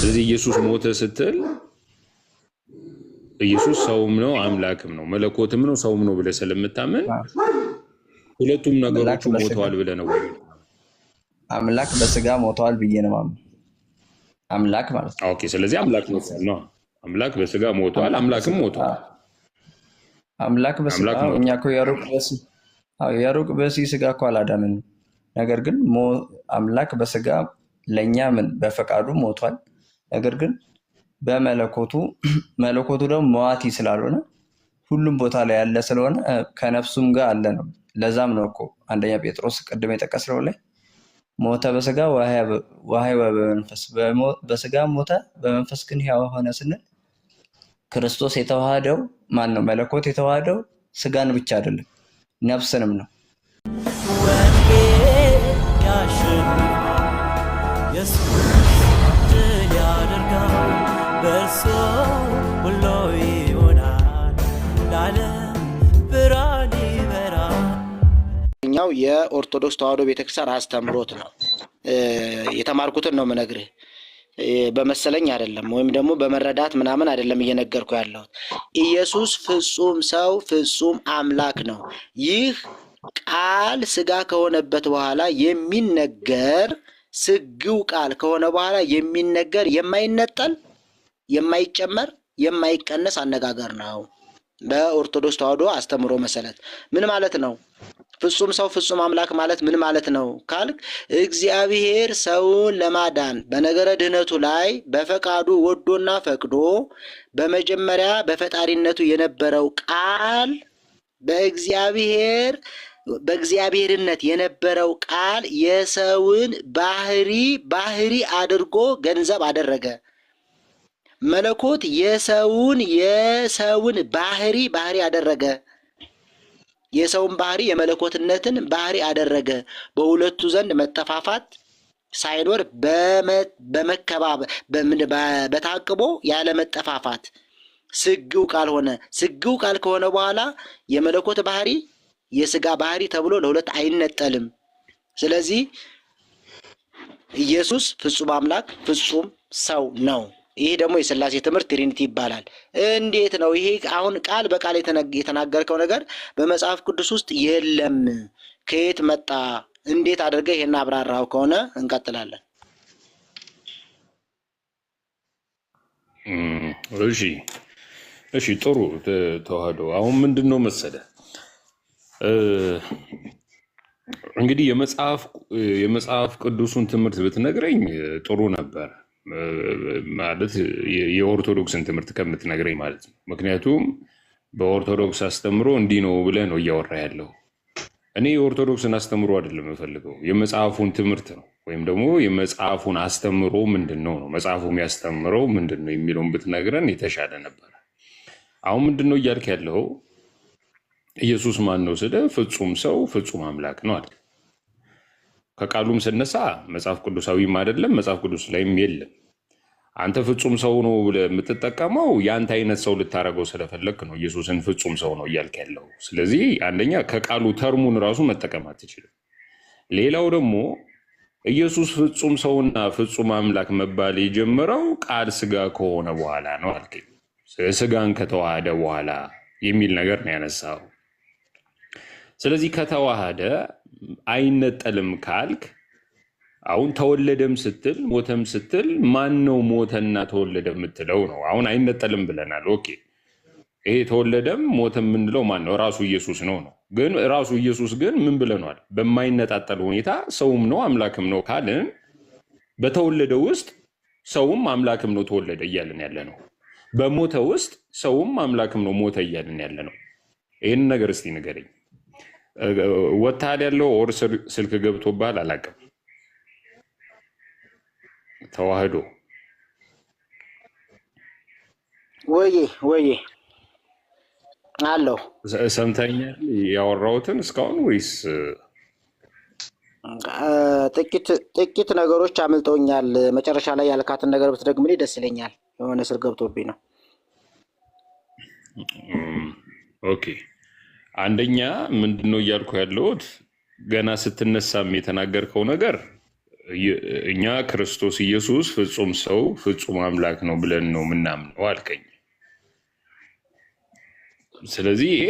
ስለዚህ ኢየሱስ ሞተ ስትል ኢየሱስ ሰውም ነው አምላክም ነው መለኮትም ነው ሰውም ነው ብለህ ስለምታምን ሁለቱም ነገሮቹ ሞተዋል ብለህ ነው ወይ? አምላክ በስጋ ሞተዋል ብዬ ነው ማምን። አምላክ ማለት ነው። ኦኬ። ስለዚህ አምላክ ሞተዋል ነው። አምላክ በስጋ ሞተዋል፣ አምላክም ሞተዋል። አምላክ በስጋ እኛ እኮ የሩቅ በሲ የሩቅ በሲ ስጋ እኮ አላዳንን። ነገር ግን አምላክ በስጋ ለእኛ ምን በፈቃዱ ሞቷል ነገር ግን በመለኮቱ መለኮቱ ደግሞ መዋቲ ስላልሆነ ሁሉም ቦታ ላይ ያለ ስለሆነ ከነፍሱም ጋር አለ ነው። ለዛም ነው እኮ አንደኛ ጴጥሮስ ቅድም የጠቀስነው ላይ ሞተ በስጋ ዋህይ በመንፈስ በስጋ ሞተ በመንፈስ ግን ሕያው ሆነ ስንል ክርስቶስ የተዋሃደው ማን ነው? መለኮት የተዋሃደው ስጋን ብቻ አይደለም ነፍስንም ነው። የሱስ ዋናው የኦርቶዶክስ ተዋሕዶ ቤተክርስቲያን አስተምሮት ነው። የተማርኩትን ነው ምነግርህ በመሰለኝ አይደለም፣ ወይም ደግሞ በመረዳት ምናምን አይደለም እየነገርኩ ያለሁት። ኢየሱስ ፍጹም ሰው ፍጹም አምላክ ነው። ይህ ቃል ስጋ ከሆነበት በኋላ የሚነገር ስግው ቃል ከሆነ በኋላ የሚነገር የማይነጠል የማይጨመር የማይቀነስ አነጋገር ነው። በኦርቶዶክስ ተዋህዶ አስተምሮ መሰረት ምን ማለት ነው? ፍጹም ሰው ፍጹም አምላክ ማለት ምን ማለት ነው ካልክ እግዚአብሔር ሰውን ለማዳን በነገረ ድህነቱ ላይ በፈቃዱ ወዶና ፈቅዶ በመጀመሪያ በፈጣሪነቱ የነበረው ቃል በእግዚአብሔር በእግዚአብሔርነት የነበረው ቃል የሰውን ባህሪ ባህሪ አድርጎ ገንዘብ አደረገ። መለኮት የሰውን የሰውን ባህሪ ባህሪ አደረገ። የሰውን ባህሪ የመለኮትነትን ባህሪ አደረገ። በሁለቱ ዘንድ መጠፋፋት ሳይኖር በመከባበር በታቅቦ ያለ መጠፋፋት ስግው ቃል ሆነ። ስግው ቃል ከሆነ በኋላ የመለኮት ባህሪ የስጋ ባህሪ ተብሎ ለሁለት አይነጠልም። ስለዚህ ኢየሱስ ፍጹም አምላክ ፍጹም ሰው ነው። ይህ ደግሞ የስላሴ ትምህርት ትሪኒቲ ይባላል። እንዴት ነው ይሄ? አሁን ቃል በቃል የተናገርከው ነገር በመጽሐፍ ቅዱስ ውስጥ የለም። ከየት መጣ? እንዴት አድርገህ ይሄን አብራራው ከሆነ እንቀጥላለን። እሺ፣ እሺ፣ ጥሩ ተዋህዶ። አሁን ምንድን ነው መሰለ እንግዲህ የመጽሐፍ ቅዱሱን ትምህርት ብትነግረኝ ጥሩ ነበር። ማለት የኦርቶዶክስን ትምህርት ከምትነግረኝ ማለት ነው። ምክንያቱም በኦርቶዶክስ አስተምሮ እንዲህ ነው ብለህ ነው እያወራ ያለው። እኔ የኦርቶዶክስን አስተምሮ አይደለም የምፈልገው የመጽሐፉን ትምህርት ነው፣ ወይም ደግሞ የመጽሐፉን አስተምሮ ምንድን ነው ነው መጽሐፉ የሚያስተምረው ምንድን ነው የሚለውን ብትነግረን የተሻለ ነበረ። አሁን ምንድን ነው እያልክ ያለው ኢየሱስ ማን ነው ስለ ፍጹም ሰው ፍጹም አምላክ ነው አለ። ከቃሉም ስነሳ መጽሐፍ ቅዱሳዊም አይደለም፣ መጽሐፍ ቅዱስ ላይም የለም። አንተ ፍጹም ሰው ነው ብለህ የምትጠቀመው የአንተ አይነት ሰው ልታደርገው ስለፈለግ ነው። ኢየሱስን ፍጹም ሰው ነው እያልክ ያለው። ስለዚህ አንደኛ ከቃሉ ተርሙን ራሱ መጠቀም አትችልም። ሌላው ደግሞ ኢየሱስ ፍጹም ሰውና ፍጹም አምላክ መባል የጀመረው ቃል ስጋ ከሆነ በኋላ ነው አልከኝ። ስጋን ከተዋሃደ በኋላ የሚል ነገር ነው ያነሳው። ስለዚህ ከተዋሃደ አይነጠልም ካልክ አሁን ተወለደም ስትል ሞተም ስትል ማን ነው ሞተና ተወለደ የምትለው ነው። አሁን አይነጠልም ብለናል። ኦኬ ይሄ ተወለደም ሞተ የምንለው ማን ነው? ራሱ ኢየሱስ ነው ነው። ግን ራሱ ኢየሱስ ግን ምን ብለኗል? በማይነጣጠል ሁኔታ ሰውም ነው አምላክም ነው ካልን በተወለደ ውስጥ ሰውም አምላክም ነው ተወለደ እያልን ያለ ነው። በሞተ ውስጥ ሰውም አምላክም ነው ሞተ እያልን ያለ ነው። ይህን ነገር እስቲ ንገረኝ። ወታል ያለው ኦር ስልክ ገብቶባል አላውቅም። ተዋህዶ ወይ ወይ አለው ሰምተኛል ያወራሁትን እስካሁን ወይስ ጥቂት ነገሮች አምልጠውኛል። መጨረሻ ላይ ያልካትን ነገር ብትደግምልኝ ደስ ይለኛል። የሆነ ስልክ ገብቶብኝ ነው። ኦኬ አንደኛ ምንድን ነው እያልኩ ያለሁት ገና ስትነሳም የተናገርከው ነገር እኛ ክርስቶስ ኢየሱስ ፍጹም ሰው ፍጹም አምላክ ነው ብለን ነው ምናምነው አልከኝ። ስለዚህ ይሄ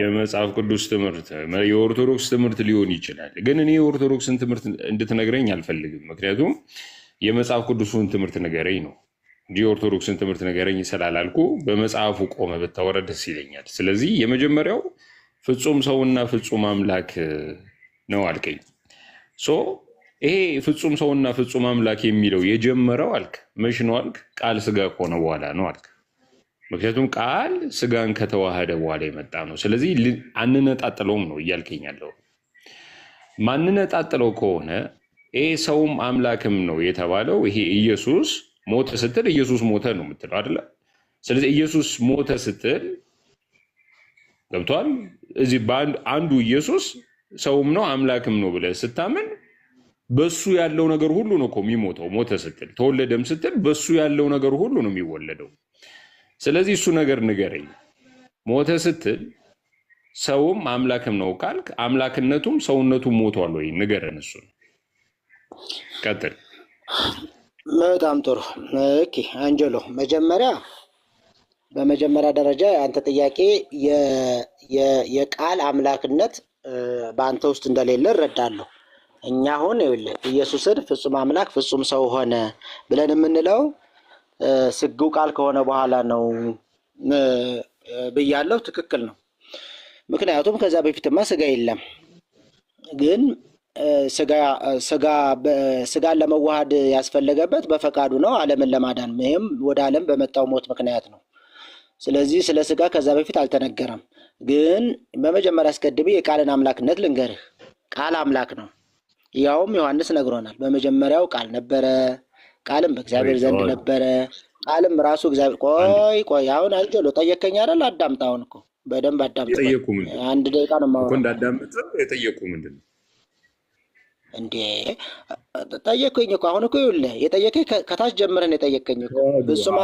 የመጽሐፍ ቅዱስ ትምህርት የኦርቶዶክስ ትምህርት ሊሆን ይችላል። ግን እኔ የኦርቶዶክስን ትምህርት እንድትነግረኝ አልፈልግም። ምክንያቱም የመጽሐፍ ቅዱስን ትምህርት ንገረኝ ነው ኦርቶዶክስን ትምህርት ነገረኝ ስላላልኩ በመጽሐፉ ቆመ ብታወረ ደስ ይለኛል። ስለዚህ የመጀመሪያው ፍጹም ሰውና ፍጹም አምላክ ነው አልከኝ። ሶ ይሄ ፍጹም ሰውና ፍጹም አምላክ የሚለው የጀመረው አልክ መሽ ነው አልክ? ቃል ስጋ ከሆነ በኋላ ነው አልክ። ምክንያቱም ቃል ስጋን ከተዋህደ በኋላ የመጣ ነው። ስለዚህ አንነጣጥለውም ነው እያልከኝ ያለው። ማንነጣጥለው ከሆነ ይሄ ሰውም አምላክም ነው የተባለው ይሄ ኢየሱስ ሞተ ስትል ኢየሱስ ሞተ ነው የምትለው አይደለ? ስለዚህ ኢየሱስ ሞተ ስትል ገብቷል። እዚህ አንዱ ኢየሱስ ሰውም ነው አምላክም ነው ብለህ ስታምን በሱ ያለው ነገር ሁሉ ነው እኮ የሚሞተው። ሞተ ስትል ተወለደም ስትል በሱ ያለው ነገር ሁሉ ነው የሚወለደው። ስለዚህ እሱ ነገር ንገረኝ። ሞተ ስትል ሰውም አምላክም ነው ካልክ አምላክነቱም ሰውነቱም ሞቷል ወይ? ንገረን። እሱ ቀጥል። በጣም ጥሩ ኦኬ አንጀሎ መጀመሪያ በመጀመሪያ ደረጃ የአንተ ጥያቄ የቃል አምላክነት በአንተ ውስጥ እንደሌለ እረዳለሁ። እኛ አሁን ይኸውልህ ኢየሱስን ፍጹም አምላክ ፍጹም ሰው ሆነ ብለን የምንለው ስግው ቃል ከሆነ በኋላ ነው ብያለሁ። ትክክል ነው። ምክንያቱም ከዛ በፊትማ ስጋ የለም ግን ስጋን ለመዋሃድ ያስፈለገበት በፈቃዱ ነው፣ ዓለምን ለማዳን ይህም ወደ ዓለም በመጣው ሞት ምክንያት ነው። ስለዚህ ስለ ስጋ ከዛ በፊት አልተነገረም። ግን በመጀመሪያ አስቀድሜ የቃልን አምላክነት ልንገርህ። ቃል አምላክ ነው። ያውም ዮሐንስ ነግሮናል። በመጀመሪያው ቃል ነበረ፣ ቃልም በእግዚአብሔር ዘንድ ነበረ፣ ቃልም ራሱ እግዚአብሔር። ቆይ ቆይ፣ አሁን አንጀሎ ጠየከኝ አይደል? አዳምጣ። እኮ በደንብ አዳምጣ። አንድ ደቂቃ ነው የማወራው። እንዳዳምጥ የጠየቁ ምንድን ነው እንዴ ጠየቅኝ እኮ አሁን እኮ ይኸውልህ የጠየቀኝ ከታች ጀምረን የጠየቀኝ እኮ እሱም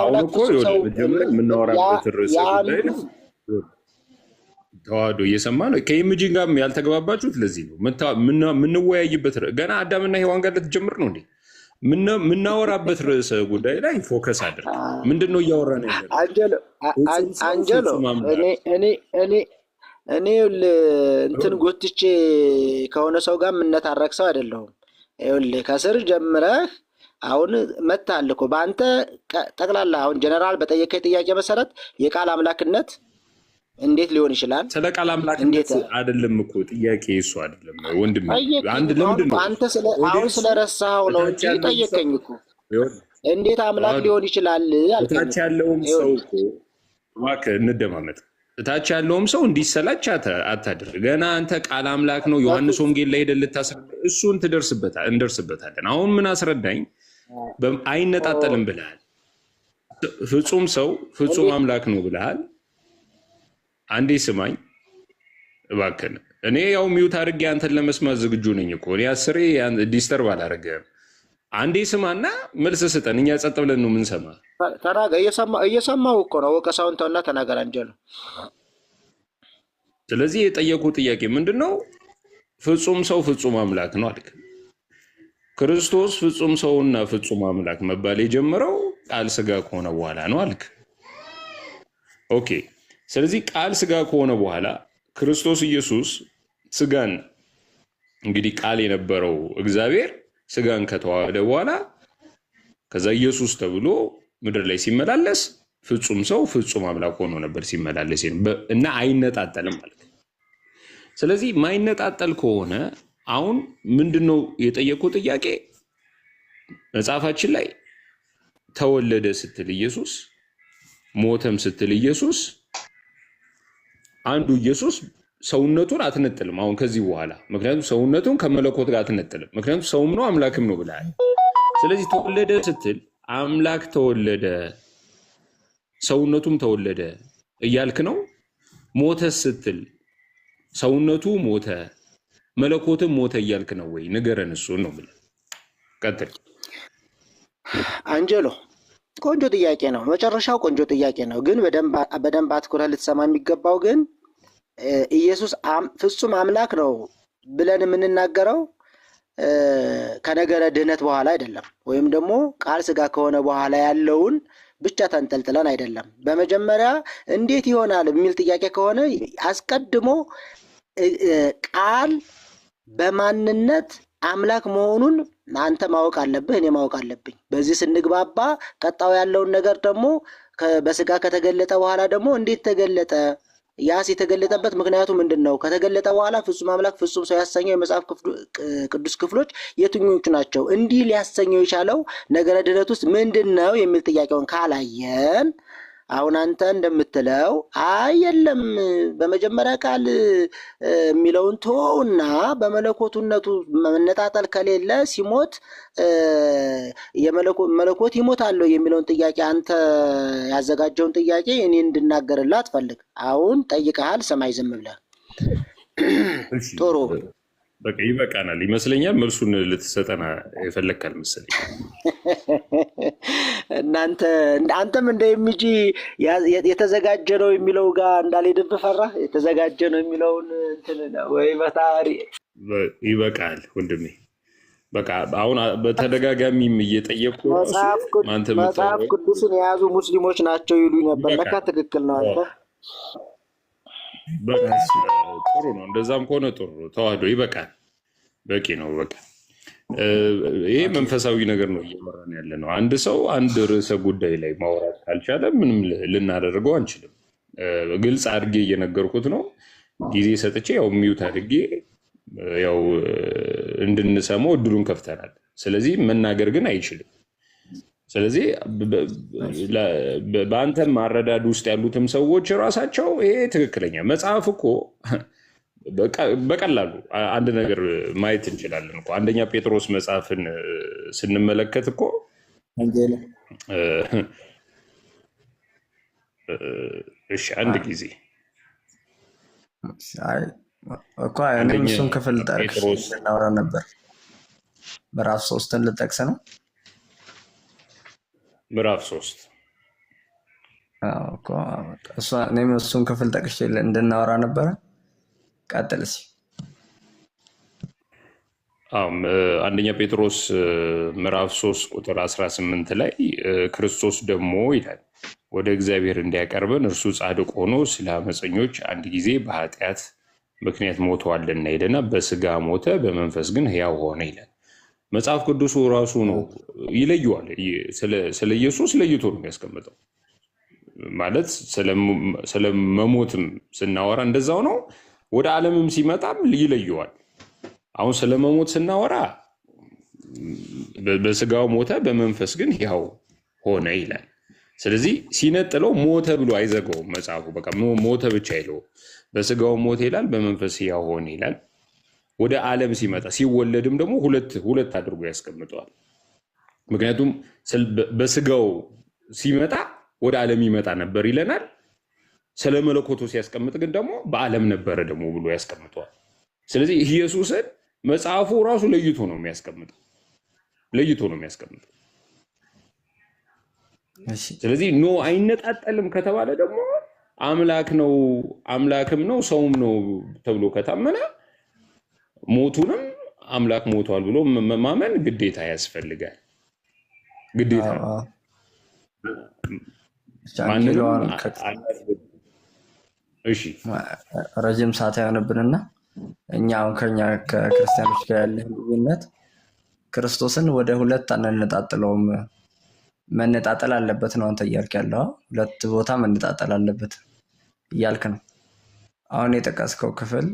ተዋህዶ እየሰማ ነው። ከኢምጂን ጋር ያልተግባባችሁት ለዚህ ነው የምንወያይበት። ገና አዳምና ሔዋን ጋር ልትጀምር ነው እንዴ? የምናወራበት ርዕሰ ጉዳይ ላይ ፎከስ አድርግ። ምንድን ነው እያወራ ነው? አንጀሎ እኔ እኔ እንትን ጎትቼ ከሆነ ሰው ጋር የምነታረቅ ሰው አይደለሁም። ይኸውልህ ከስር ጀምረህ አሁን መታል እኮ በአንተ ጠቅላላ አሁን ጀነራል በጠየቀኝ ጥያቄ መሰረት የቃል አምላክነት እንዴት ሊሆን ይችላል? ስለ ቃል አምላክነት አይደለም እኮ ጥያቄ እሱ አይደለም ወንድም። አንድ ለምንድን ነው አንተ አሁን ስለረሳኸው ነው እንጂ ጠየቀኝ እኮ እንዴት አምላክ ሊሆን ይችላል አልከኝ። ያለውም ሰው እኮ እባክህ እንደማመጥ እታች ያለውም ሰው እንዲሰላች አታድር። ገና አንተ ቃል አምላክ ነው ዮሐንስ ወንጌል ላይ ሄደህ ልታስረዳ እሱን እንደርስበታለን። አሁን ምን አስረዳኝ አይነጣጠልም ብልሃል። ፍጹም ሰው ፍጹም አምላክ ነው ብልሃል። አንዴ ስማኝ እባክህን። እኔ ያው ሚውት አድርጌ አንተን ለመስማት ዝግጁ ነኝ እኮ እኔ አስሬ ዲስተርብ አላደረገህም አንዴ ስማና መልስ ስጠን። እኛ ጸጥ ብለን ነው የምንሰማ። ተናገ እየሰማው እኮ ነው። ወቀሳውን ተውና ተናገር አንጀሉ። ስለዚህ የጠየቁ ጥያቄ ምንድን ነው? ፍጹም ሰው ፍጹም አምላክ ነው አልክ። ክርስቶስ ፍጹም ሰውና ፍጹም አምላክ መባል የጀመረው ቃል ስጋ ከሆነ በኋላ ነው አልክ። ኦኬ። ስለዚህ ቃል ስጋ ከሆነ በኋላ ክርስቶስ ኢየሱስ ስጋን እንግዲህ ቃል የነበረው እግዚአብሔር ስጋን ከተዋሃደ በኋላ ከዛ ኢየሱስ ተብሎ ምድር ላይ ሲመላለስ ፍጹም ሰው ፍጹም አምላክ ሆኖ ነበር ሲመላለስ እና አይነጣጠልም ማለት ነው። ስለዚህ ማይነጣጠል ከሆነ አሁን ምንድን ነው የጠየቀው ጥያቄ? መጽሐፋችን ላይ ተወለደ ስትል ኢየሱስ፣ ሞተም ስትል ኢየሱስ፣ አንዱ ኢየሱስ ሰውነቱን አትነጥልም አሁን ከዚህ በኋላ ምክንያቱም ሰውነቱን ከመለኮት ጋር አትነጥልም። ምክንያቱም ሰውም ነው አምላክም ነው ብለሃል። ስለዚህ ተወለደ ስትል አምላክ ተወለደ ሰውነቱም ተወለደ እያልክ ነው። ሞተ ስትል ሰውነቱ ሞተ መለኮትም ሞተ እያልክ ነው ወይ? ንገረን። እሱን ነው የምልህ። ቀጥል አንጀሎ። ቆንጆ ጥያቄ ነው። መጨረሻው ቆንጆ ጥያቄ ነው፣ ግን በደንብ አትኩረህ ልትሰማ የሚገባው ግን ኢየሱስ ፍጹም አምላክ ነው ብለን የምንናገረው ከነገረ ድህነት በኋላ አይደለም፣ ወይም ደግሞ ቃል ስጋ ከሆነ በኋላ ያለውን ብቻ ተንጠልጥለን አይደለም። በመጀመሪያ እንዴት ይሆናል የሚል ጥያቄ ከሆነ አስቀድሞ ቃል በማንነት አምላክ መሆኑን አንተ ማወቅ አለብህ፣ እኔ ማወቅ አለብኝ። በዚህ ስንግባባ ቀጣው ያለውን ነገር ደግሞ በስጋ ከተገለጠ በኋላ ደግሞ እንዴት ተገለጠ ያስ የተገለጠበት ምክንያቱ ምንድን ነው? ከተገለጠ በኋላ ፍጹም አምላክ ፍጹም ሰው ያሰኘው የመጽሐፍ ቅዱስ ክፍሎች የትኞቹ ናቸው? እንዲህ ሊያሰኘው የቻለው ነገረ ድኅነት ውስጥ ምንድን ነው የሚል ጥያቄውን ካላየን አሁን አንተ እንደምትለው አይ የለም በመጀመሪያ ቃል የሚለውን ቶና በመለኮቱነቱ መነጣጠል ከሌለ ሲሞት መለኮት ይሞታል የሚለውን ጥያቄ አንተ ያዘጋጀውን ጥያቄ እኔ እንድናገርላ አትፈልግ። አሁን ጠይቀሃል፣ ሰማይ ዝም ብለህ ጥሩ በቃ ይበቃናል ይመስለኛል። መልሱን ልትሰጠና የፈለግካል መሰለኝ። እናንተ አንተም እንደ ኤምጂ የተዘጋጀ ነው የሚለው ጋር እንዳልሄድብህ ፈራህ። የተዘጋጀ ነው የሚለውን ወይ በታሪ ይበቃል ወንድሜ። በቃ አሁን በተደጋጋሚም እየጠየቁ መጽሐፍ ቅዱስን የያዙ ሙስሊሞች ናቸው ይሉ ነበር። ለካ ትክክል ነው አንተ ጥሩ ነው። እንደዛም ከሆነ ጥሩ ነው። ተዋህዶ ይበቃል፣ በቂ ነው። በቃ ይሄ መንፈሳዊ ነገር ነው እያወራን ያለ ነው። አንድ ሰው አንድ ርዕሰ ጉዳይ ላይ ማውራት ካልቻለ ምንም ልናደርገው አንችልም። ግልጽ አድርጌ እየነገርኩት ነው። ጊዜ ሰጥቼ ያው ሚዩት አድርጌ ያው እንድንሰማው እድሉን ከፍተናል። ስለዚህ መናገር ግን አይችልም። ስለዚህ በአንተም ማረዳድ ውስጥ ያሉትም ሰዎች ራሳቸው ይሄ ትክክለኛ መጽሐፍ እኮ በቀላሉ አንድ ነገር ማየት እንችላለን እኮ አንደኛ ጴጥሮስ መጽሐፍን ስንመለከት እኮ እሺ አንድ ጊዜ እኮ እሱን ክፍል ጠርቅ እናውራ ነበር ምዕራፍ ሶስትን ልጠቅስ ነው ምዕራፍ ሶስት እኔም እሱን ክፍል ጠቅሼ እንድናወራ ነበረ። ቀጥል እስኪ። አንደኛ ጴጥሮስ ምዕራፍ 3 ቁጥር 18 ላይ ክርስቶስ ደግሞ ይላል ወደ እግዚአብሔር እንዲያቀርበን እርሱ ጻድቅ ሆኖ ስለ አመፀኞች አንድ ጊዜ በኃጢአት ምክንያት ሞተዋልና ይለና በስጋ ሞተ፣ በመንፈስ ግን ሕያው ሆነ ይላል። መጽሐፍ ቅዱሱ ራሱ ነው ይለየዋል። ስለ ኢየሱስ ለይቶ ነው የሚያስቀምጠው። ማለት ስለ መሞትም ስናወራ እንደዛው ነው። ወደ ዓለምም ሲመጣም ይለየዋል። አሁን ስለ መሞት ስናወራ በስጋው ሞተ፣ በመንፈስ ግን ያው ሆነ ይላል። ስለዚህ ሲነጥለው ሞተ ብሎ አይዘጋውም መጽሐፉ። በቃ ሞተ ብቻ አይለው። በስጋው ሞተ ይላል፣ በመንፈስ ያው ሆነ ይላል። ወደ ዓለም ሲመጣ ሲወለድም ደግሞ ሁለት ሁለት አድርጎ ያስቀምጠዋል። ምክንያቱም በስጋው ሲመጣ ወደ ዓለም ይመጣ ነበር ይለናል። ስለ መለኮቱ ሲያስቀምጥ ግን ደግሞ በዓለም ነበረ ደግሞ ብሎ ያስቀምጠዋል። ስለዚህ ኢየሱስን መጽሐፉ ራሱ ለይቶ ነው የሚያስቀምጠው ለይቶ ነው የሚያስቀምጠው። ስለዚህ ኖ አይነጣጠልም ከተባለ ደግሞ አምላክ ነው አምላክም ነው ሰውም ነው ተብሎ ከታመና ሞቱንም አምላክ ሞቷል ብሎ ማመን ግዴታ ያስፈልጋል። ግዴታ ረጅም ሰዓት አይሆንብንና እኛ አሁን ከኛ ከክርስቲያኖች ጋር ያለ ልዩነት ክርስቶስን ወደ ሁለት አንነጣጥለውም። መነጣጠል አለበት ነው አንተ እያልክ ያለው። ሁለት ቦታ መነጣጠል አለበት እያልክ ነው። አሁን የጠቀስከው ክፍል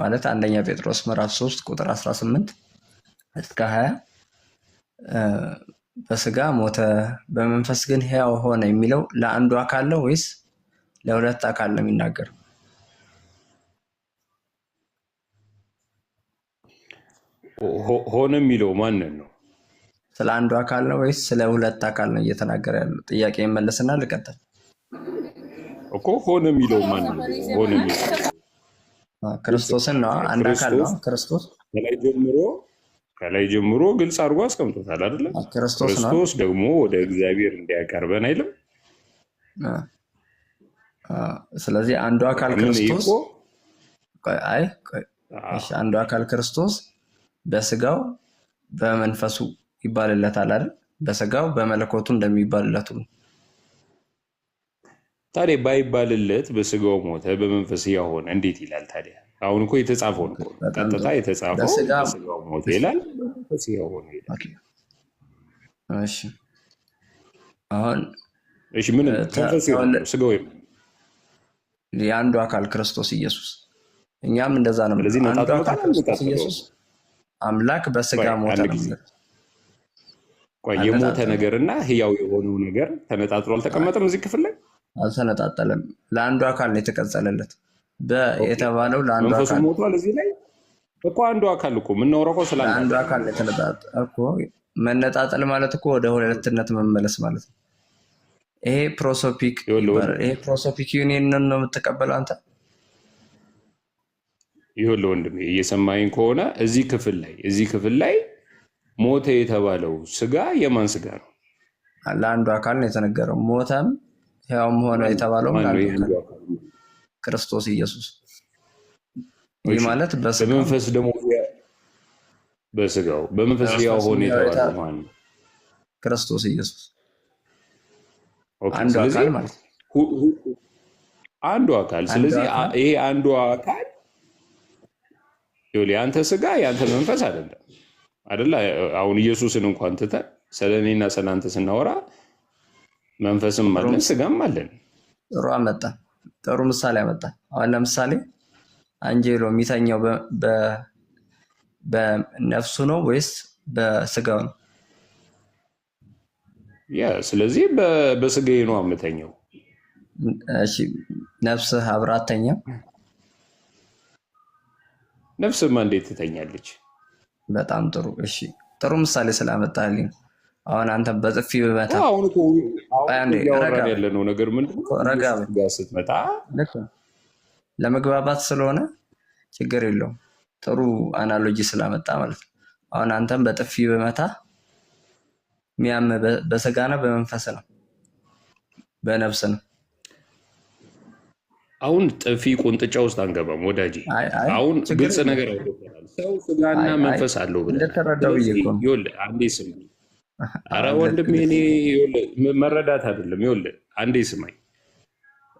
ማለት አንደኛ ጴጥሮስ ምዕራፍ 3 ቁጥር 18 እስከ 20 በስጋ ሞተ በመንፈስ ግን ህያው ሆነ የሚለው ለአንዱ አካል ነው ወይስ ለሁለት አካል ነው የሚናገር? ሆነ የሚለው ማንን ነው? ስለ አንዱ አካል ነው ወይስ ስለ ሁለት አካል ነው እየተናገረ ያለው? ጥያቄ መለስና ልቀጥል እኮ ሆነ የሚለው ማንን ነው? ሆነ የሚለው ክርስቶስን ነው አንድ አካል ነው ክርስቶስ ከላይ ጀምሮ ከላይ ጀምሮ ግልጽ አድርጎ አስቀምጦታል አይደለም ክርስቶስ ደግሞ ወደ እግዚአብሔር እንዲያቀርበን አይልም ስለዚህ አንዱ አካል ክርስቶስ አይ አንዱ አካል ክርስቶስ በስጋው በመንፈሱ ይባልለታል አይደል በስጋው በመለኮቱ እንደሚባልለቱ ነው ታዲያ ባይባልለት በስጋው ሞተ በመንፈስ ሕያው ሆነ እንዴት ይላል? ታዲያ አሁን እኮ የተጻፈውን ቀጥታ የተጻፈው በስጋው ሞተ ይላል፣ በመንፈስ ሕያው ሆነ ይላል። አሁን እሺ፣ ምን መንፈስ ስጋው የአንዱ አካል ክርስቶስ ኢየሱስ፣ እኛም እንደዛ ነው። ስለዚህ አንዱ አካል ክርስቶስ ኢየሱስ አምላክ በስጋ ሞተ ነው። የሞተ ነገርና ህያው የሆነው ነገር ተነጣጥሮ አልተቀመጠም እዚህ ክፍል ላይ አልተነጣጠለም። ለአንዱ አካል ነው የተቀጸለለት የተባለው ለአንዱ አካል ሞቷል። እዚህ ላይ እኮ አንዱ አካል እኮ የምናወራው ስለ አንዱ አካል መነጣጠል ማለት እኮ ወደ ሁለትነት መመለስ ማለት ነው። ይሄ ፕሮሶፒክ ይሄ ፕሮሶፒክ ዩኒየን ነው የምትቀበለው አንተ። ይኸውልህ ወንድሜ እየሰማኝ ከሆነ እዚህ ክፍል ላይ እዚህ ክፍል ላይ ሞተ የተባለው ስጋ የማን ስጋ ነው? ለአንዱ አካል ነው የተነገረው ሞተም ያውም ሆነ የተባለው ክርስቶስ ኢየሱስ። ይህ ማለት በመንፈስ ደግሞ በስጋው በመንፈስ ያው ሆነ የተባለው ማለት ክርስቶስ ኢየሱስ አንዱ አካል ማለት አንዱ አካል። ስለዚህ ይሄ አንዱ አካል የአንተ ስጋ የአንተ መንፈስ አይደለም አይደለ? አሁን ኢየሱስን እንኳን ትተን ስለእኔና ስለአንተ ስናወራ መንፈስም አለን ስጋም አለን። ጥሩ አመጣ። ጥሩ ምሳሌ አመጣ። አሁን ለምሳሌ አንጀሎ የሚተኛው በነፍሱ ነው ወይስ በስጋው ነው? ያ ስለዚህ በስጋዬ ነው የምተኛው። እሺ ነፍስህ አብራ አትተኛም? ነፍስማ እንዴት ትተኛለች? በጣም ጥሩ። እሺ ጥሩ ምሳሌ ስላመጣልኝ አሁን አንተ በጥፊ ብመታ ያለነው ነገር ስትመጣ ለመግባባት ስለሆነ ችግር የለውም። ጥሩ አናሎጂ ስላመጣ ማለት ነው። አሁን አንተም በጥፊ ብመታ ሚያም በስጋ ነው በመንፈስ ነው በነፍስ ነው። አሁን ጥፊ ቁንጥጫ ውስጥ አንገባም ወዳጅ። አሁን ግልጽ ነገር ሰው ስጋና መንፈስ አለው ብለህ አንዴ ስማ አረ ወንድም ኔ መረዳት አይደለም። ይኸውልህ አንዴ ስማኝ፣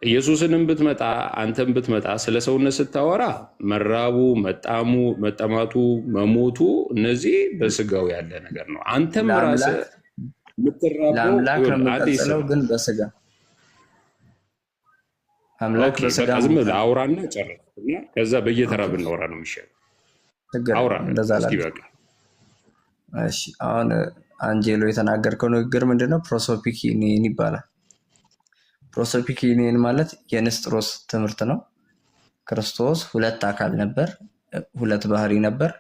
ኢየሱስንም ብትመጣ አንተም ብትመጣ ስለ ሰውነት ስታወራ መራቡ፣ መጣሙ፣ መጠማቱ፣ መሞቱ እነዚህ በስጋው ያለ ነገር ነው። አንተም ራስ የምትራበው ግን በስጋ ዝም ብለህ አውራና ጨረስ እና ከዛ በየተራ ብናወራ ነው የሚሻለው። አውራ እስኪ በቃ አሁን አንጄሎ የተናገርከው ንግግር ምንድነው? ፕሮሶፒኪኒን ይባላል። ፕሮሶፒኪኒን ማለት የንስጥሮስ ትምህርት ነው። ክርስቶስ ሁለት አካል ነበር፣ ሁለት ባህሪ ነበር።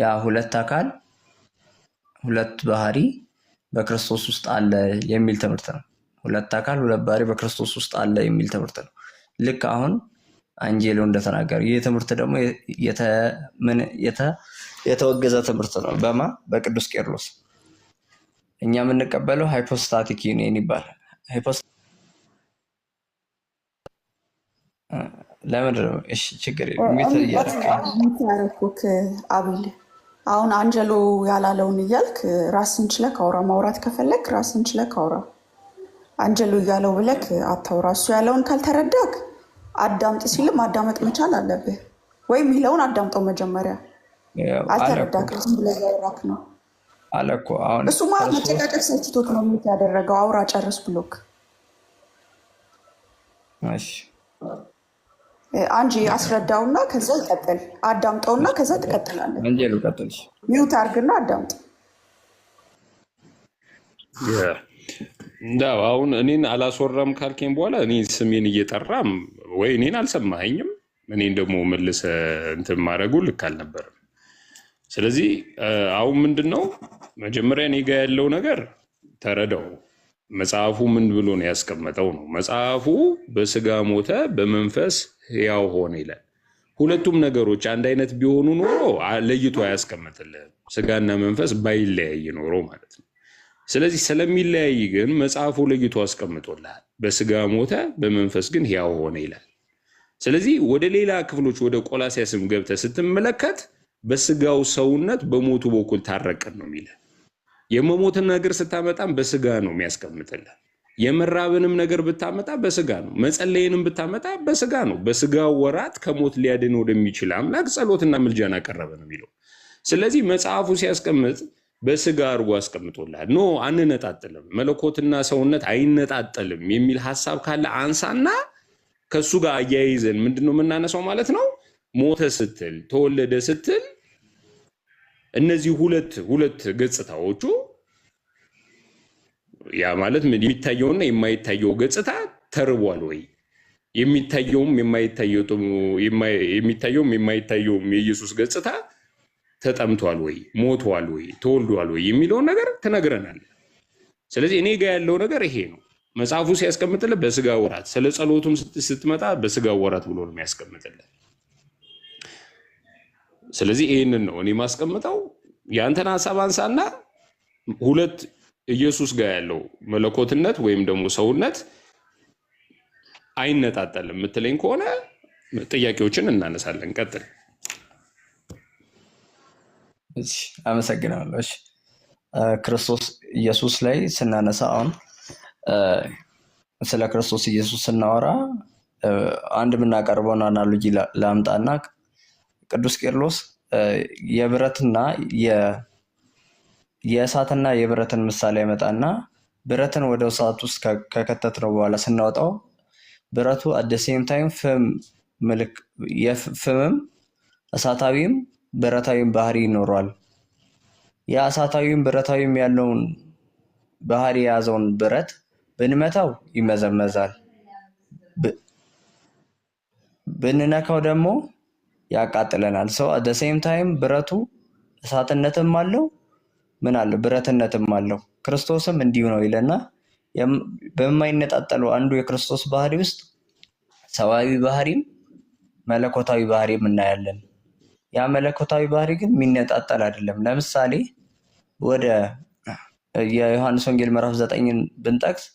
ያ ሁለት አካል ሁለት ባህሪ በክርስቶስ ውስጥ አለ የሚል ትምህርት ነው። ሁለት አካል ሁለት ባህሪ በክርስቶስ ውስጥ አለ የሚል ትምህርት ነው። ልክ አሁን አንጄሎ እንደተናገረ ይህ ትምህርት ደግሞ የተወገዘ ትምህርት ነው። በማ በቅዱስ ቄርሎስ እኛ የምንቀበለው ሃይፖስታቲክ ዩኒየን ይባላል። ለምንድን ነው? እሺ ችግር አሁን አንጀሎ ያላለውን እያልክ ራስን ችለህ አውራ። ማውራት ከፈለግ ራስን ችለህ አውራ። አንጀሎ እያለው ብለክ አታውራ። እሱ ያለውን ካልተረዳክ አዳምጥ ሲልም አዳመጥ መቻል አለብህ። ወይም ይለውን አዳምጠው መጀመሪያ አልተረዳክም። መጨቃጨቅ ሰልችቶት ነው ሚት ያደረገው። አውራ ጨርስ ብሎክ አንጂ አስረዳውና ከዛ ይቀጥል። አዳምጠውና ከዛ ሚውት አዳምጥ። እንዳው አሁን እኔን አላስወራም ካልከኝ በኋላ እኔ ስሜን እየጠራም ወይ እኔን አልሰማኸኝም። እኔን ደግሞ መልሰ እንትን ማድረጉ ልክ አልነበር ስለዚህ አሁን ምንድን ነው መጀመሪያ እኔ ጋ ያለው ነገር ተረዳው። መጽሐፉ ምን ብሎ ነው ያስቀመጠው ነው መጽሐፉ በስጋ ሞተ በመንፈስ ሕያው ሆነ ይላል። ሁለቱም ነገሮች አንድ አይነት ቢሆኑ ኖሮ ለይቶ አያስቀምጥልህም፣ ስጋና መንፈስ ባይለያይ ኖሮ ማለት ነው። ስለዚህ ስለሚለያይ ግን መጽሐፉ ለይቶ አስቀምጦልሃል። በስጋ ሞተ በመንፈስ ግን ሕያው ሆነ ይላል። ስለዚህ ወደ ሌላ ክፍሎች ወደ ቆላሲያስም ገብተህ ስትመለከት በስጋው ሰውነት በሞቱ በኩል ታረቅን ነው የሚለ። የመሞትን ነገር ስታመጣም በስጋ ነው የሚያስቀምጥልን። የመራብንም ነገር ብታመጣ በስጋ ነው። መጸለይንም ብታመጣ በስጋ ነው። በስጋው ወራት ከሞት ሊያድን ወደሚችል አምላክ ጸሎትና ምልጃን አቀረበ ነው የሚለው። ስለዚህ መጽሐፉ ሲያስቀምጥ በስጋ አድርጎ አስቀምጦላል። ኖ አንነጣጥልም፣ መለኮትና ሰውነት አይነጣጠልም የሚል ሀሳብ ካለ አንሳና ከሱ ጋር አያይዘን ምንድን ነው የምናነሳው ማለት ነው ሞተ ስትል ተወለደ ስትል እነዚህ ሁለት ሁለት ገጽታዎቹ ያ ማለት የሚታየውና የማይታየው ገጽታ ተርቧል ወይ? የሚታየውም የሚታየውም የማይታየውም የኢየሱስ ገጽታ ተጠምቷል ወይ? ሞቷል ወይ? ተወልዷል ወይ? የሚለውን ነገር ትነግረናል። ስለዚህ እኔ ጋር ያለው ነገር ይሄ ነው። መጽሐፉ ሲያስቀምጥልህ በስጋ ወራት፣ ስለ ጸሎቱም ስትመጣ በስጋ ወራት ብሎ ነው የሚያስቀምጥልህ። ስለዚህ ይህንን ነው እኔ ማስቀምጠው። የአንተን ሀሳብ አንሳና ሁለት ኢየሱስ ጋር ያለው መለኮትነት ወይም ደግሞ ሰውነት አይነጣጠልም የምትለኝ ከሆነ ጥያቄዎችን እናነሳለን። ቀጥል። አመሰግናለሁ። ክርስቶስ ኢየሱስ ላይ ስናነሳ አሁን ስለ ክርስቶስ ኢየሱስ ስናወራ አንድ የምናቀርበውን አናሎጂ ላምጣና ቅዱስ ቄርሎስ የብረትና የእሳትና የብረትን ምሳሌ ያመጣና ብረትን ወደ እሳት ውስጥ ከከተት ነው በኋላ ስናወጣው ብረቱ አደሴም ታይም ፍም ምልክ የፍምም እሳታዊም ብረታዊም ባህሪ ይኖረዋል። ያ እሳታዊም ብረታዊም ያለውን ባህሪ የያዘውን ብረት ብንመታው ይመዘመዛል፣ ብንነካው ደግሞ ያቃጥለናል። ሰው ደሴም ታይም ብረቱ እሳትነትም አለው ምን አለው ብረትነትም አለው። ክርስቶስም እንዲሁ ነው ይለና በማይነጣጠለው አንዱ የክርስቶስ ባህሪ ውስጥ ሰብአዊ ባህሪም መለኮታዊ ባህሪም እናያለን። ያ መለኮታዊ ባህሪ ግን የሚነጣጠል አይደለም። ለምሳሌ ወደ የዮሐንስ ወንጌል ምዕራፍ ዘጠኝን ብንጠቅስ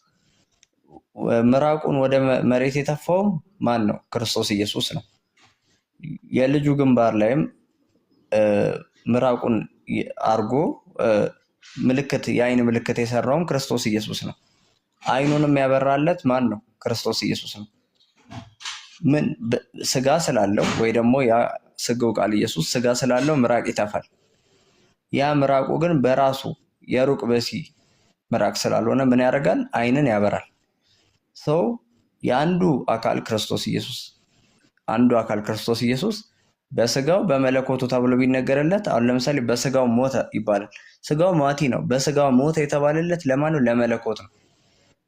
ምራቁን ወደ መሬት የተፋውም ማን ነው? ክርስቶስ ኢየሱስ ነው። የልጁ ግንባር ላይም ምራቁን አርጎ ምልክት የአይን ምልክት የሰራውም ክርስቶስ ኢየሱስ ነው። አይኑንም ያበራለት ማን ነው? ክርስቶስ ኢየሱስ ነው። ምን ስጋ ስላለው ወይ ደግሞ ያ ስጋው ቃል ኢየሱስ ስጋ ስላለው ምራቅ ይተፋል። ያ ምራቁ ግን በራሱ የሩቅ በሲ ምራቅ ስላልሆነ ምን ያደርጋል? አይንን ያበራል። ሰው የአንዱ አካል ክርስቶስ ኢየሱስ አንዱ አካል ክርስቶስ ኢየሱስ በስጋው በመለኮቱ ተብሎ ቢነገርለት፣ አሁን ለምሳሌ በስጋው ሞተ ይባላል። ስጋው ማቲ ነው። በስጋው ሞተ የተባለለት ለማን ነው? ለመለኮት ነው።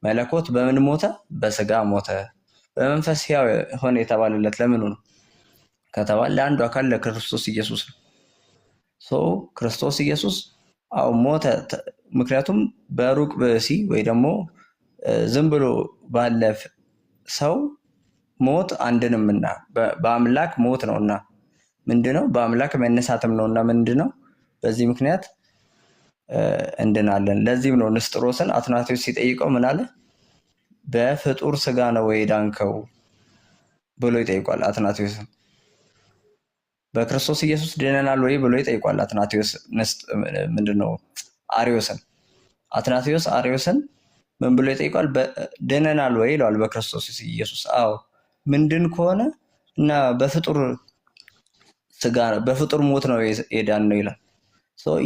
መለኮት በምን ሞተ? በስጋ ሞተ። በመንፈስ ሕያው ሆነ የተባለለት ለምኑ ነው ከተባለ ለአንዱ አካል ለክርስቶስ ኢየሱስ ነው። ሶ ክርስቶስ ኢየሱስ አው ሞተ። ምክንያቱም በሩቅ ብእሲ ወይ ደግሞ ዝም ብሎ ባለፍ ሰው ሞት አንድንምና በአምላክ ሞት ነውና ምንድነው በአምላክ መነሳትም ነውና ምንድነው በዚህ ምክንያት እንድናለን። ለዚህም ነው ንስጥሮስን አትናቴዎስ ሲጠይቀው ምን አለ? በፍጡር ስጋ ነው ወይ ዳንከው ብሎ ይጠይቋል አትናቴዎስን። በክርስቶስ ኢየሱስ ድነናል ወይ ብሎ ይጠይቋል አትናቴዎስ ምንድነው አሪዮስን። አትናቴዎስ አሪዮስን ምን ብሎ ይጠይቋል? ድነናል ወይ ይለዋል። በክርስቶስ ኢየሱስ አዎ ምንድን ከሆነ እና በፍጡር ስጋ በፍጡር ሞት ነው የዳን ነው ይላል።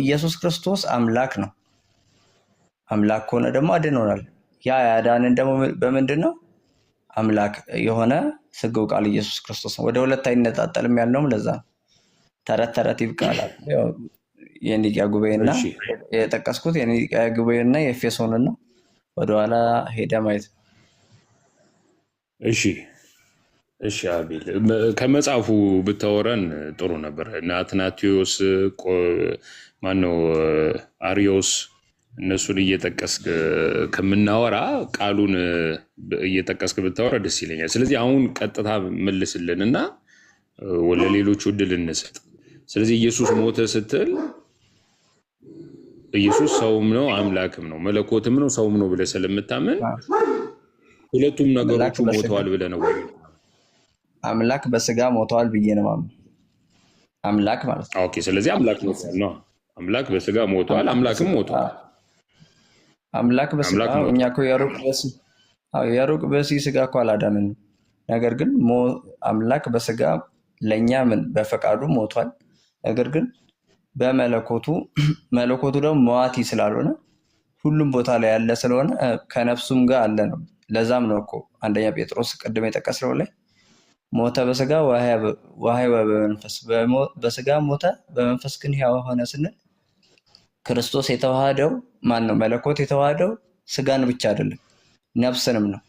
ኢየሱስ ክርስቶስ አምላክ ነው። አምላክ ከሆነ ደግሞ አድኖናል። ያ ያዳንን ደግሞ በምንድን ነው? አምላክ የሆነ ስግው ቃል ኢየሱስ ክርስቶስ ነው። ወደ ሁለት አይነጣጠልም ያልነውም ለዛ ነው። ተረት ተረት ይብቃላል። የኒቅያ ጉባኤና የጠቀስኩት የኒቅያ ጉባኤና የኤፌሶንን ወደኋላ ሄደ ማየት ነው። እሺ እሺ አቤል ከመጽሐፉ ብታወረን ጥሩ ነበር። ናትናቴዎስ ማነው አሪዮስ እነሱን እየጠቀስክ ከምናወራ ቃሉን እየጠቀስክ ብታወረ ደስ ይለኛል። ስለዚህ አሁን ቀጥታ መልስልን እና ለሌሎቹ እድል እንስጥ። ስለዚህ ኢየሱስ ሞተ ስትል ኢየሱስ ሰውም ነው አምላክም ነው መለኮትም ነው ሰውም ነው ብለህ ስለምታምን ሁለቱም ነገሮቹ ሞተዋል ብለህ ነው ወይ? አምላክ በስጋ ሞተዋል ብዬ ነው ማምን አምላክ ማለት ነው። ኦኬ። ስለዚህ አምላክ ነው። አምላክ በስጋ ሞተዋል፣ አምላክም ሞተዋል። አምላክ በስጋ እኛ እኮ የሩቅ በሲ ስጋ እኮ አላዳንን። ነገር ግን አምላክ በስጋ ለእኛ ምን በፈቃዱ ሞቷል። ነገር ግን በመለኮቱ መለኮቱ ደግሞ መዋቲ ስላልሆነ ሁሉም ቦታ ላይ ያለ ስለሆነ ከነፍሱም ጋር አለ ነው። ለዛም ነው እኮ አንደኛ ጴጥሮስ ቅድም የጠቀስነው ላይ ሞተ በስጋ ወሕያው በመንፈስ በስጋ ሞተ፣ በመንፈስ ግን ሕያው ሆነ ስንል ክርስቶስ የተዋሃደው ማን ነው? መለኮት የተዋሃደው ስጋን ብቻ አይደለም ነፍስንም ነው።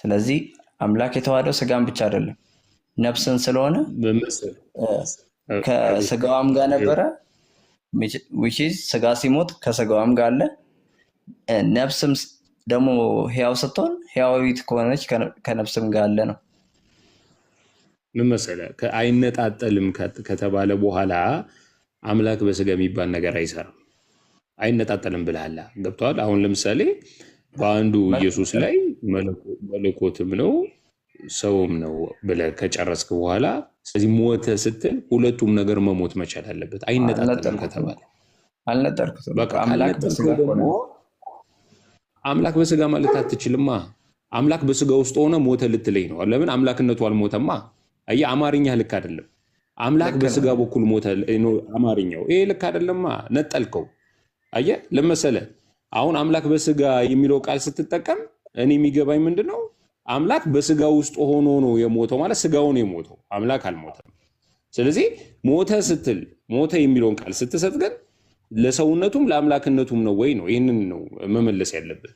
ስለዚህ አምላክ የተዋሃደው ስጋን ብቻ አይደለም ነፍስን ስለሆነ ከስጋዋም ጋር ነበረ። ስጋ ሲሞት ከስጋዋም ጋር አለ። ነፍስም ደግሞ ሕያው ስትሆን ሕያዊት ከሆነች ከነፍስም ጋር አለ ነው። ምን መሰለ አይነጣጠልም ከተባለ በኋላ አምላክ በስጋ የሚባል ነገር አይሰራም። አይነጣጠልም ብላላ ገብተዋል። አሁን ለምሳሌ በአንዱ ኢየሱስ ላይ መለኮትም ነው ሰውም ነው ብለ ከጨረስክ በኋላ ስለዚህ ሞተ ስትል ሁለቱም ነገር መሞት መቻል አለበት። አይነጣጠልም ከተባለ አምላክ በስጋ ማለት አትችልማ። አምላክ በስጋ ውስጥ ሆነ ሞተ ልትለኝ ነው። ለምን አምላክነቱ አልሞተማ። አይ አማርኛ ልክ አይደለም። አምላክ በስጋ በኩል ሞተ አማርኛው ይሄ ልክ አይደለማ። ነጠልከው። አየህ ለመሰለ አሁን አምላክ በስጋ የሚለው ቃል ስትጠቀም እኔ የሚገባኝ ምንድን ነው አምላክ በስጋ ውስጥ ሆኖ ነው የሞተው ማለት ስጋውን የሞተው አምላክ አልሞተም። ስለዚህ ሞተ ስትል ሞተ የሚለውን ቃል ስትሰጥ ግን ለሰውነቱም ለአምላክነቱም ነው ወይ ነው? ይህንን ነው መመለስ ያለብህ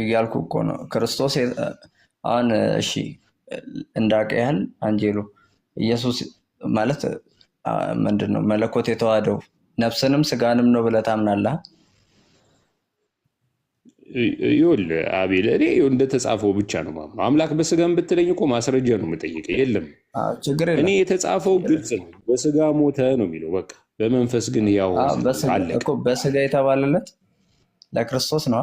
እያልኩ እኮ ነው ክርስቶስ አሁን እሺ እንዳቀ ያህል አንጀሉ ኢየሱስ ማለት ምንድን ነው? መለኮት የተዋደው ነፍስንም ስጋንም ነው ብለህ ታምናለህ? ይኸውልህ አቤል፣ እኔ እንደተጻፈው ብቻ ነው ማምነው። አምላክ በስጋም ብትለኝ እኮ ማስረጃ ነው የምጠይቀው። የለም እኔ የተጻፈው ግልጽ ነው። በስጋ ሞተ ነው የሚለው በቃ። በመንፈስ ግን ያው በስጋ የተባለለት ለክርስቶስ ነው።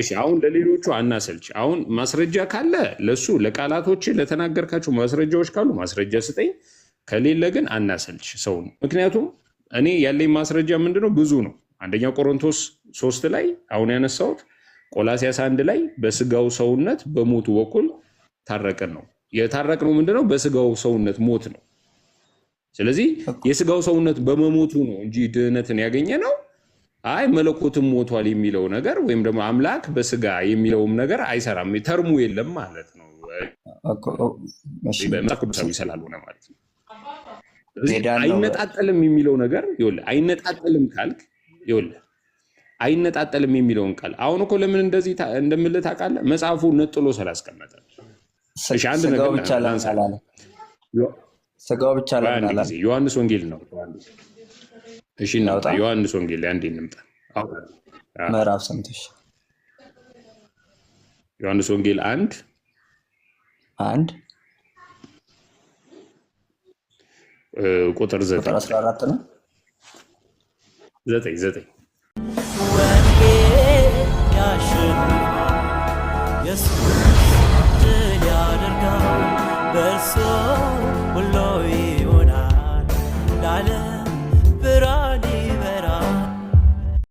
እሺ አሁን ለሌሎቹ አናሰልች። አሁን ማስረጃ ካለ ለሱ ለቃላቶች ለተናገርካቸው ማስረጃዎች ካሉ ማስረጃ ስጠኝ፣ ከሌለ ግን አናሰልች ሰው። ምክንያቱም እኔ ያለኝ ማስረጃ ምንድነው ብዙ ነው። አንደኛ ቆሮንቶስ ሶስት ላይ አሁን ያነሳሁት ቆላሲያስ አንድ ላይ በስጋው ሰውነት በሞቱ በኩል ታረቅን ነው የታረቅነው ምንድነው በስጋው ሰውነት ሞት ነው። ስለዚህ የስጋው ሰውነት በመሞቱ ነው እንጂ ድህነትን ያገኘ ነው አይ መለኮትም ሞቷል የሚለው ነገር ወይም ደግሞ አምላክ በስጋ የሚለውም ነገር አይሰራም፣ ተርሙ የለም ማለት ነው። መጽሐፍ ቅዱሳዊ ማለት ነው። አይነጣጠልም የሚለው ነገር ይኸውልህ፣ አይነጣጠልም ካልክ ይኸውልህ አይነጣጠልም የሚለውን ቃል አሁን እኮ ለምን እንደዚህ እንደምልህ ታውቃለህ? መጽሐፉ ነጥሎ ስላስቀመጠ ስጋው ብቻ ላንሳ ዮሐንስ ወንጌል ነው እሺ እናውጣ። ዮሐንስ ወንጌል ላይ አንዴ እንምጣ። ምዕራፍ ስንትሽ? ዮሐንስ ወንጌል አንድ አንድ ቁጥር ዘጠኝ አስራ አራት ነው። ዘጠኝ ዘጠኝ የሱስ ድል ያደርጋል በእርሱ